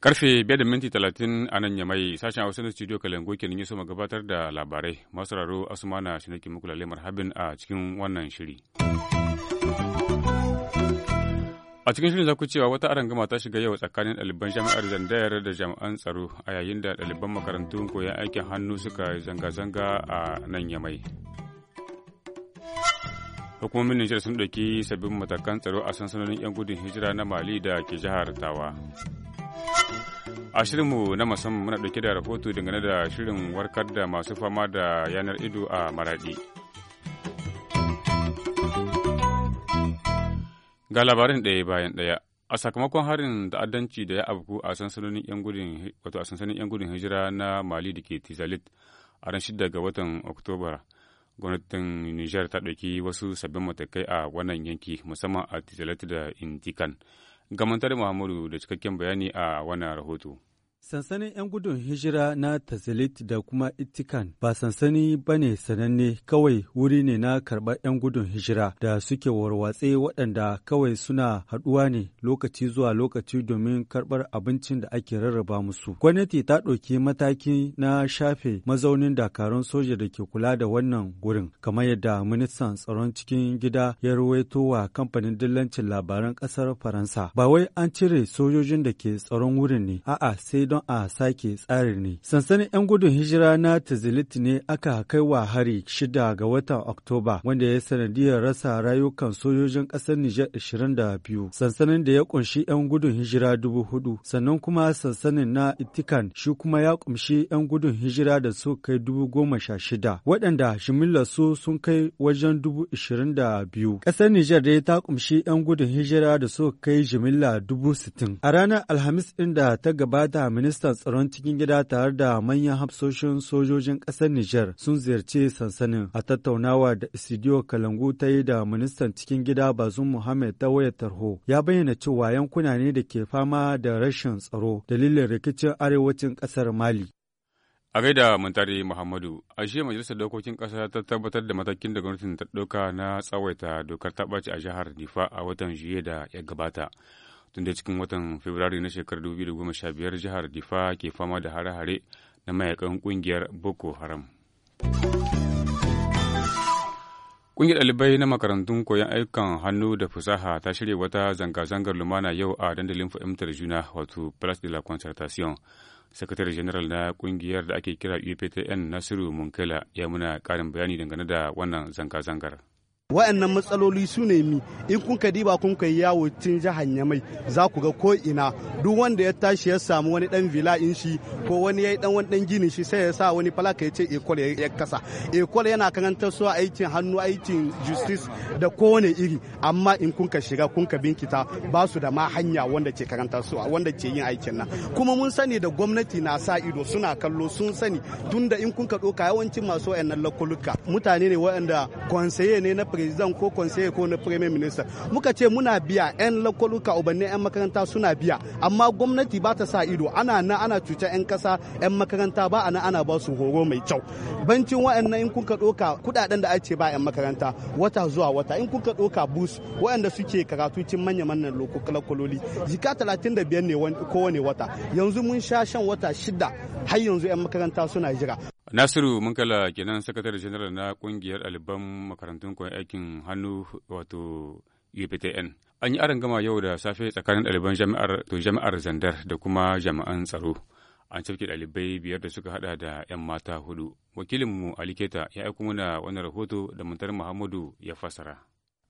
Karfe biyar da minti talatin a nan ya mai sashen Hausa na studio Kalangu kenan yaso gabatar da labarai. Masu raro Asumana shi nake muku lalle marhabin a cikin wannan shiri. A cikin shirin za cewa wata arangama ta shiga yau tsakanin ɗaliban jami'ar Zandayar da jami'an tsaro a yayin da ɗaliban makarantun koyon aikin hannu suka zanga-zanga a nan yamai. Hukumomin Nijar sun ɗauki sabbin matakan tsaro a sansanonin 'yan gudun hijira na Mali da ke jihar Tawa. A shirinmu na musamman muna ɗauke da rahoto dangane da shirin warkar da masu fama da yanar ido a maraɗi. Ga labarin ɗaya bayan ɗaya, a sakamakon harin ta'addanci da ya afku a sansanonin 'yan gudun wato a sansanin 'yan gudun hijira na Mali da ke tizalit a ran 6 ga watan Oktoba, gwamnatin Niger ta ɗauki wasu sabbin matakai a wannan yanki musamman a tizalit da Intikan. Gamantar Muhammadu da cikakken bayani a wannan rahoto. Sansanin 'yan gudun hijira na Tazilit da kuma Itikan ba sansani ba ne sananne kawai wuri ne na karɓar 'yan gudun hijira da suke warwatse waɗanda kawai suna haɗuwa ne lokaci zuwa lokaci domin karɓar abincin da ake rarraba musu. Gwamnati ta ɗauki mataki na shafe mazaunin dakarun soja da ke kula da wannan wurin, kamar yadda ministan tsaron cikin gida ya ruwaito wa kamfanin dillancin labaran ƙasar Faransa. Ba wai an cire sojojin da ke tsaron wurin ne, a'a sai don don a sake tsari ne. Sansanin 'yan gudun hijira na Tizilit ne aka kai wa hari shida ga watan Oktoba wanda ya sanadiyar rasa rayukan sojojin ƙasar Nijar 22. Sansanin da ya ƙunshi 'yan gudun hijira dubu hudu sannan kuma sansanin na Itikan shi kuma ya ƙunshi 'yan gudun hijira da su kai dubu goma sha shida waɗanda shimillar su sun kai wajen dubu ishirin da biyu. Ƙasar Nijar dai ta ƙunshi 'yan gudun hijira da su kai jimilla dubu sittin. A ranar Alhamis ɗin da ta gabata mini ministan tsaron cikin gida tare da manyan hafsoshin sojojin ƙasar Nijar sun ziyarci sansanin a tattaunawa da Isidiyo Kalangu ta yi da ministan cikin gida Bazum Muhammad ta wayar tarho. Ya bayyana cewa yankuna ne da ke fama da rashin tsaro dalilin rikicin arewacin ƙasar Mali. A gaida Muntari Muhammadu, a shi Majalisar Dokokin kasa ta tabbatar da matakin da gwamnatin ta ɗauka na tsawaita dokar ta a jihar Difa a watan Juye da ya gabata. tun da cikin watan fabrairu na shekarar 2015 jihar difa ke fama da hare-hare na mayakan kungiyar boko haram kungiyar ɗalibai na makarantun koyon ayyukan hannu da fasaha ta shirya wata zanga-zangar lumana yau a dandalin fahimtar juna wato Place de la Concertation. Sakatare General na kungiyar da ake kira UPTN Nasiru Munkela ya muna ƙarin bayani dangane da wannan zanga-zangar. wa'annan matsaloli su ne mi in kun ka diba kun kai yawo tun jihar Yamai za ku ga ko ina duk wanda ya tashi ya samu wani dan villa in shi ko wani ya yi dan wani dan gini shi sai ya sa wani falaka ya ce ekol ya kasa ekol yana karantar su aikin hannu aikin justice da kowane iri amma in kun ka shiga kun ka binkita ba su da ma hanya wanda ke karantar su wanda ke yin aikin nan kuma mun sani da gwamnati na sa ido suna kallo sun sani tunda in kun ka doka yawancin masu wa'annan lakuluka mutane ne wa'anda konsaye ne na president ko conseiller ko na premier minister muka ce muna biya yan lokaluka ubanni yan makaranta suna biya amma gwamnati ba ta sa ido ana na ana cuta yan kasa yan makaranta ba ana ana ba su horo mai kyau bancin wa'annan in kuka doka kudaden da ake ba yan makaranta wata zuwa wata in kuka doka bus wa'anda suke karatu cin manya manyan lokololi jika 35 ne kowane wata yanzu mun sha shan wata shida har yanzu yan makaranta suna jira Nasiru Munkala kenan sakatare janar na kungiyar ɗaliban makarantun kwan aikin hannu wato UPTN. An yi aron gama yau da safe tsakanin ɗaliban jami'ar to jami'ar Zandar da kuma jami'an tsaro. An cafke ɗalibai biyar da suka hada da 'yan mata hudu. Wakilinmu Ali ya aiko mana wani rahoto da Muntar Muhammadu ya fasara.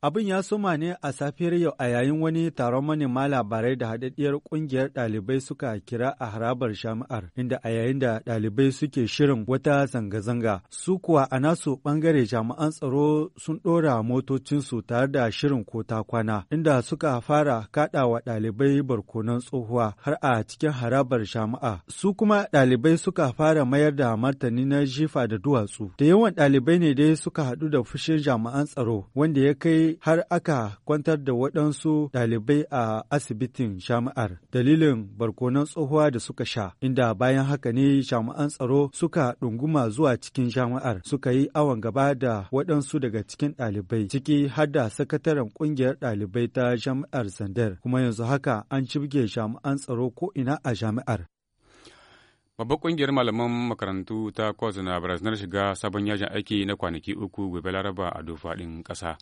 Abin ya soma ne a safiyar yau a yayin wani taron manema labarai da haɗaɗɗiyar ƙungiyar ɗalibai suka kira a harabar jami'ar, inda a yayin da ɗalibai suke shirin wata zanga-zanga. Su kuwa a nasu ɓangare jami'an tsaro sun ɗora motocinsu tare da shirin kota kwana, inda suka fara kaɗa wa ɗalibai barkonon tsohuwa har a cikin harabar jami'a. Su kuma ɗalibai suka fara mayar da martani na jifa da duwatsu. Da yawan ɗalibai ne dai suka haɗu da fushin jami'an tsaro, wanda ya kai sai har aka kwantar da waɗansu ɗalibai a asibitin jami'ar dalilin barkonan tsohuwa da suka sha, inda bayan haka ne jami'an tsaro suka ɗunguma zuwa cikin jami'ar suka yi awon gaba da waɗansu daga cikin ɗalibai, ciki har da sakataren ƙungiyar ɗalibai ta jami'ar Zandar, kuma yanzu haka an cibge jami'an tsaro ko ina a jami'ar. Babbar kungiyar malaman makarantu ta kwas na barazanar shiga sabon yajin aiki na kwanaki uku gobe laraba a dofaɗin ƙasa.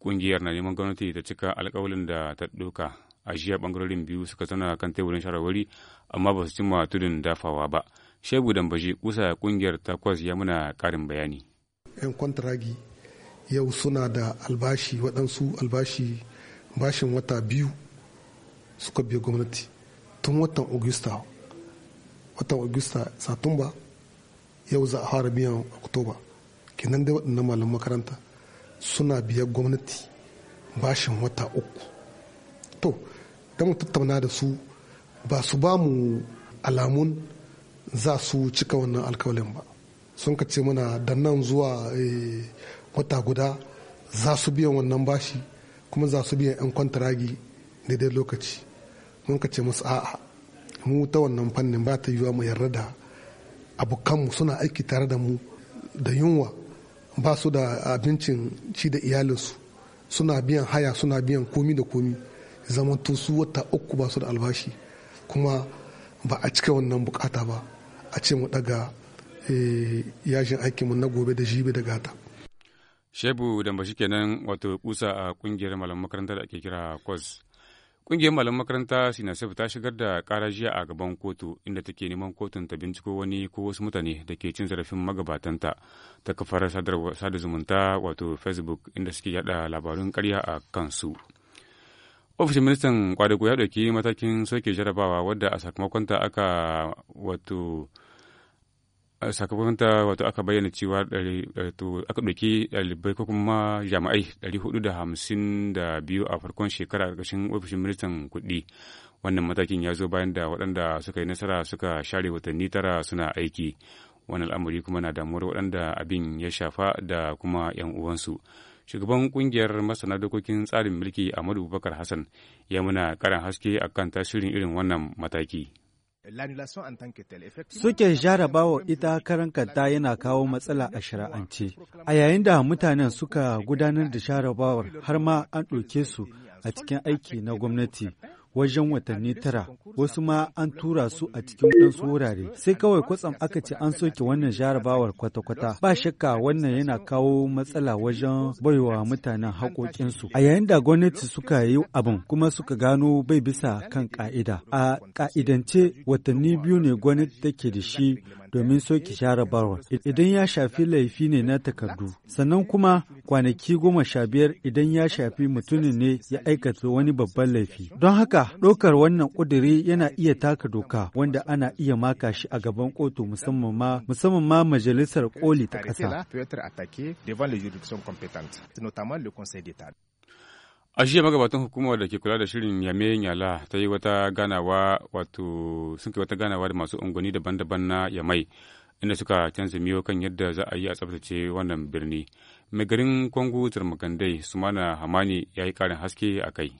kungiyar na neman gwamnati ta cika alkawalin da ta ɗauka a jiya ɓangarorin biyu suka zauna kan teburin shawarwari amma ba su cimma tudun dafawa ba. Shegu Dambaji kusa kungiyar takwas ya muna karin bayani. 'Yan kwantaragi yau suna da albashi waɗansu albashi bashin wata biyu suka biya gwamnati tun watan Augusta watan Augusta Satumba yau za a fara biyan Oktoba kenan dai waɗannan malaman makaranta suna biyar gwamnati bashin wata uku to da mu tattauna da su ba su ba mu alamun za su cika wannan alkawalin ba sun ka ce mana da nan zuwa eh, wata guda za su biyan wannan bashi kuma za su biyan 'yan kwantaragi daidai lokaci mun ka ce musu a'a mu ta wannan fannin ba ta yiwuwa mu yarda da abokanmu suna aiki tare da mu da yunwa ba su da abincin ci da iyalinsu suna biyan haya suna biyan komi da komi zaman su wata uku ba su da albashi kuma ba a cika wannan bukata ba a ce mu daga eh, yashin aikinmu na gobe da jibe da gata shebu da bashi kenan wato kusa a kungiyar malam makarantar da ake kira kwas Ƙungiyar malam makaranta Sinasef ta shigar da ƙara jiya a gaban kotu inda take neman kotun ta binciko wani ko wasu mutane da ke cin zarafin magabatanta ta kafar sada zumunta wato Facebook inda suke yada labarun karya a kansu. Ofishin ministan kwadago ya ɗauki matakin soke jarabawa wadda a sakamakonta aka wato sakamakon ta wato aka bayyana cewa to aka ɗauki ɗalibai ko kuma jami'ai biyu a farkon shekara ƙarƙashin ofishin ministan kuɗi wannan matakin ya zo bayan da waɗanda suka yi nasara suka share watanni tara suna aiki wani al'amari kuma na damuwar waɗanda abin ya shafa da kuma 'yan uwansu shugaban kungiyar masana dokokin tsarin mulki amadu bakar hassan ya muna karan haske akan tasirin irin wannan mataki Suke jarabawa ita karan kanta yana kawo matsala a shari'ance. A yayin da mutanen suka gudanar da jarabawar har ma an ɗauke su a cikin aiki na gwamnati. wajen watanni tara wasu ma an tura su a cikin waɗansu wurare sai kawai kwatsam aka ce an soke wannan jarabawar kwata-kwata ba shakka wannan yana kawo matsala wajen baiwa mutanen haƙoƙinsu a yayin da gwamnati suka yi abin kuma suka gano bai bisa kan ƙa'ida a ƙa'idance watanni biyu ne gwamnati take da shi domin soke share barwar idan ya shafi laifi ne na takardu sannan kuma kwanaki goma sha biyar idan ya shafi mutumin ne ya aikata wani babban laifi don haka ɗaukar wannan ƙudiri yana iya taka doka wanda ana iya maka shi a gaban kotu musamman ma musamman ma majalisar koli ta ƙasa a jiya magabatan hukumar da ke kula da shirin yame yala ta yi wata ganawa wato sun kai wata ganawa da masu unguwanni daban-daban na yamai inda suka canza miyo kan yadda za a yi a tsabtace wannan birni mai garin kwangu turmakandai sumana hamani ya yi karin haske a kai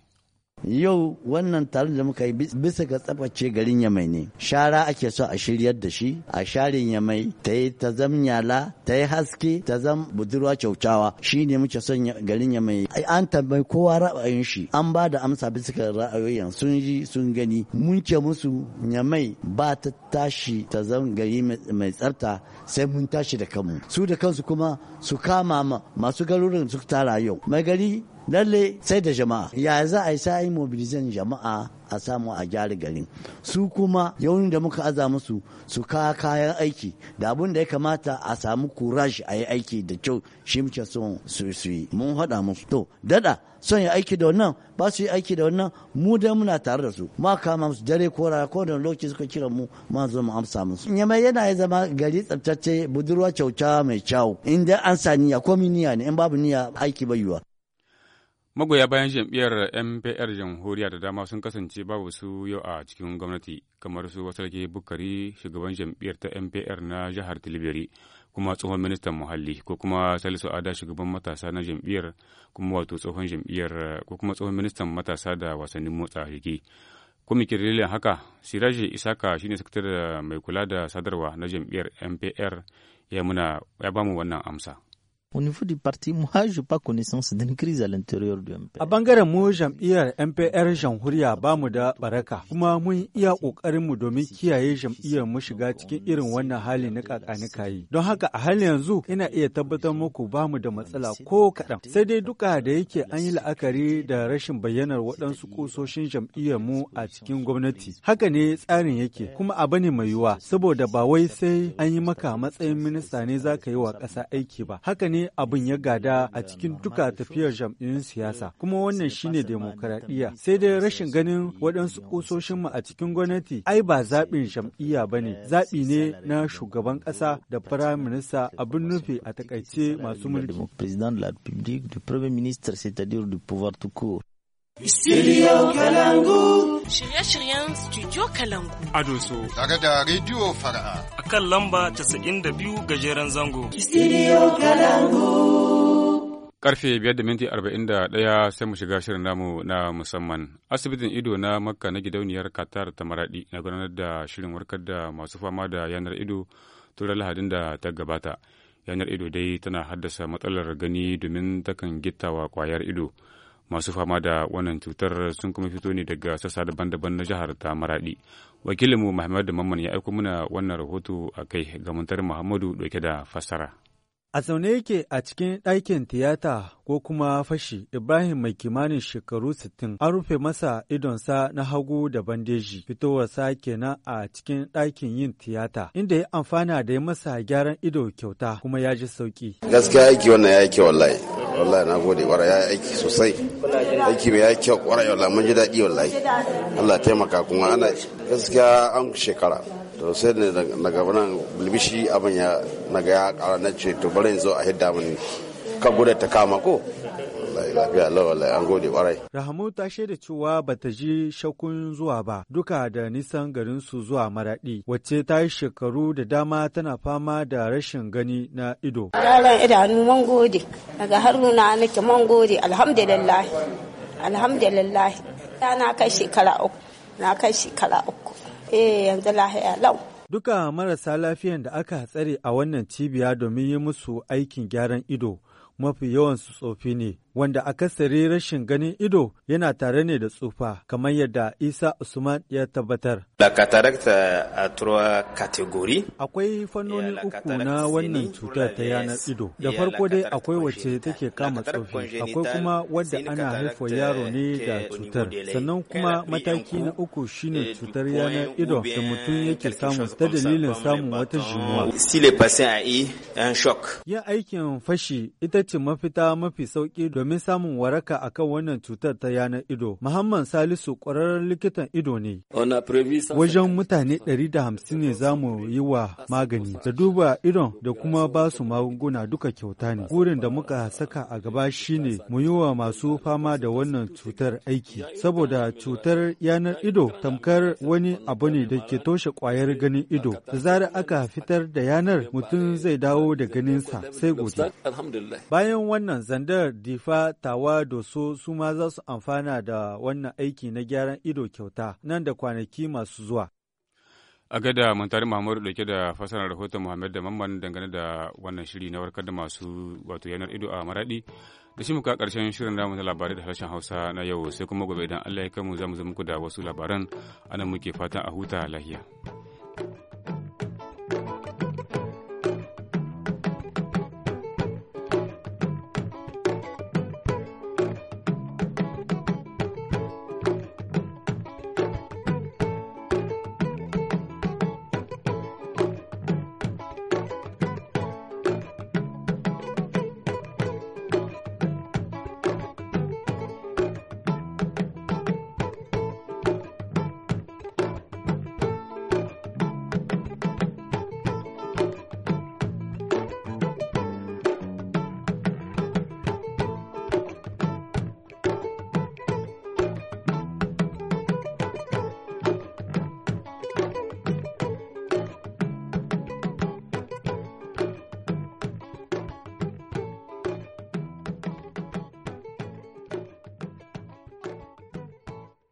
yau wannan taron da muka yi bisa ga tsabtace garin yamai ne shara ake so a shiryar da shi a sharin yamai ta yi ta zam nyala ta yi haske ta zam budurwa kyaukyawa ne muke son garin yamai an tambayi kowa ra'ayin shi an ba da amsa bisa ga ra'ayoyin sun yi sun gani mun ce musu yamai ba ta tashi ta zam gari mai tsarta sai mun tashi da kanmu su da kansu kuma su kama masu garurin su tara yau mai gari lalle sai da jama'a ya za a yi sa'in mobilizan jama'a a samu a gyara garin su kuma yaunin da muka aza musu su kawo kayan aiki da abin da ya kamata a samu kurashi a yi aiki da kyau shi muke son su su yi mun haɗa musu to dada son yi aiki da wannan ba su yi aiki da wannan mu dai muna tare da su ma kama musu dare ko rana ko da lokaci suka kira mu ma zo mu amsa musu yamma yana ya zama gari tsaftace budurwa kyauta mai kyau in dai an sa niyya ko niyya ne in babu niyya aiki bai yiwa Magoya bayan jam'iyyar MPR jamhuriya da dama sun kasance babu su yau a cikin gwamnati kamar su wasarki Bukari shugaban jam'iyyar ta MPR na jihar Tilibiri kuma tsohon ministan muhalli ko kuma Salisu Ada shugaban matasa na jam'iyyar kuma wato tsohon jam'iyyar ko kuma tsohon ministan matasa da wasannin motsa jiki. Kuma dalilin haka Siraji Isaka shine sakatar mai kula da sadarwa na jam'iyyar MPR ya ya bamu wannan amsa. Au niveau du parti, moi, je n'ai pas connaissance d'une crise à l'intérieur du MPR. A bangaren mu jam'iyyar MPR jamhuriya ba mu da baraka, kuma mun iya mu domin kiyaye jam'iyyar mu shiga cikin irin wannan hali na kakanikayi. Don haka a halin yanzu ina iya tabbatar muku ba mu da matsala ko kaɗan. Sai dai duka da yake an yi la'akari da rashin bayyanar waɗansu kusoshin jam'iyyar mu a cikin gwamnati. Haka ne tsarin yake, kuma abu ne mai yiwuwa, saboda ba wai sai an yi maka matsayin minista ne za ka yi wa ƙasa aiki ba. Haka ne ne abin ya gada a cikin duka tafiyar jam'iyyun siyasa kuma wannan shine demokaradiyya sai dai rashin ganin waɗansu ƙusoshin mu a cikin gwamnati ai ba zaɓin jam'iyya ba ne zaɓi ne na shugaban ƙasa da firayim minista abin nufi a takaice masu mulki. Kalangu. shirye-shiryen Studio Kalangu. A Doso. Tare da rediyo Fara'a. A kan lamba 92 gajeren zango. Studio Kalangu. Karfe 5.41 sai mu shiga shirin namu na musamman. Asibitin ido na Makka na gidauniyar Qatar ta maraɗi na gudanar da shirin warkar da masu fama da yanar ido tura lahadin da ta gabata. Yanar ido dai tana haddasa matsalar gani domin takan gittawa kwayar ido. masu fama da wannan cutar sun kuma fito ne daga sassa daban-daban na jihar ta maradi wakilinmu muhammadu mamman ya aiko mana wannan rahoto a kai ga muhammadu dauke da fassara A zaune yake a cikin ɗakin tiyata ko kuma fashi, Ibrahim mai kimanin shekaru 60 an rufe masa idonsa na hagu da bandeji, fitowarsa kenan a cikin ɗakin yin tiyata, inda ya amfana da ya masa gyaran ido kyauta kuma ya ji sauki Gaskiya aiki wannan ya yi kyau wallahi. wallahi na gode kwarai ya aiki sosai aiki mai ya kyau kwarai wallahi mun ji daɗi wallahi Allah taimaka kuma ana gaskiya an shekara to sai ne na gabanan bilbishi abin ya naga ya ƙara na ce to bari zo a hidda mun ka gudu ta kama ko lafiya lawala an gode kwarai. Rahamu ta shaida cewa ba ta ji shakun zuwa ba duka da nisan garin su zuwa maraɗi wacce ta yi shekaru da dama tana fama da rashin gani na ido. Ƙararren idanu man gode daga haruna nake man gode alhamdulillah alhamdulillah na kai shekara uku na kai shekara uku eh yanzu lahiya lau. Duka marasa lafiyan da aka tsare a wannan cibiya domin yi musu aikin gyaran ido mafi yawansu tsofi ne wanda a akasari rashin ganin ido yana tare ne da tsufa kamar yadda isa usman ya tabbatar akwai fannoni uku na wannan cutar ta yanar ido da farko dai akwai wacce take kama tsofi akwai kuma wadda ana haifa yaro ne da cutar sannan kuma mataki na uku shine eh, cutar yanar ido da mutum yake samu ta dalilin samun wata jimuwa yin aikin fashi ita ce mafita mafi sauki domin domin samun waraka akan wannan cutar ta yanar ido. Muhammad Salisu ƙwararren likitan ido ne. Wajen mutane da hamsin ne za mu yi wa magani da duba idon da kuma ba su magunguna duka kyauta ne. Burin da muka saka a gaba shi ne mu yi wa masu fama da wannan cutar aiki saboda cutar yanar ido tamkar wani abu ne da ke toshe kwayar ganin ido da zarar aka fitar da yanar mutum zai dawo da ganinsa sai gobe. Bayan wannan zandar difa fa tawa da su ma za su amfana da wannan aiki na gyaran ido kyauta nan da kwanaki masu zuwa a gada muntari mahmud dauke da fasarar rahoton muhammad da mamman dangane da wannan shiri na warkar da masu wato yanar ido a maraɗi da shi muka karshen shirin namu na labarai da harshen hausa na yau sai kuma gobe idan allah ya mu za mu zama muku da wasu labaran anan muke fatan a huta lahiya